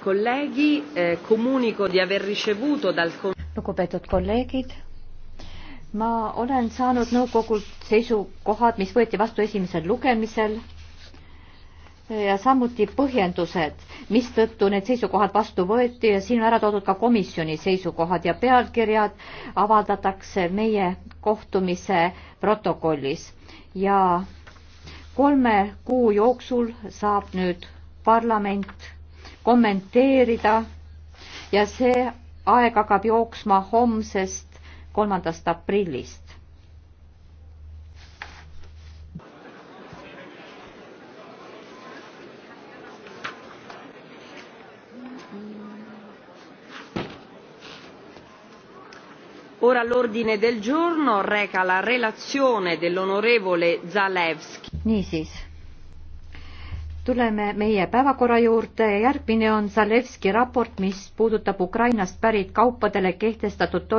colleghi, eh, comunico di aver ricevuto dal lugupeetud kolleegid, ma olen saanud nõukogult seisukohad, mis võeti vastu esimesel lugemisel ja samuti põhjendused, mistõttu need seisukohad vastu võeti ja siin on ära toodud ka komisjoni seisukohad ja pealkirjad avaldatakse meie kohtumise protokollis ja kolme kuu jooksul saab nüüd parlament kommenteerida ja see aeg hakkab jooksma homsest, kolmandast aprillist. ora l'ordine del giorno reca la relazione dell'onorevole Zalewski. niisiis, tuleme meie päevakorra juurde ja järgmine on Zalewski raport, mis puudutab Ukrainast pärit kaupadele kehtestatud toll-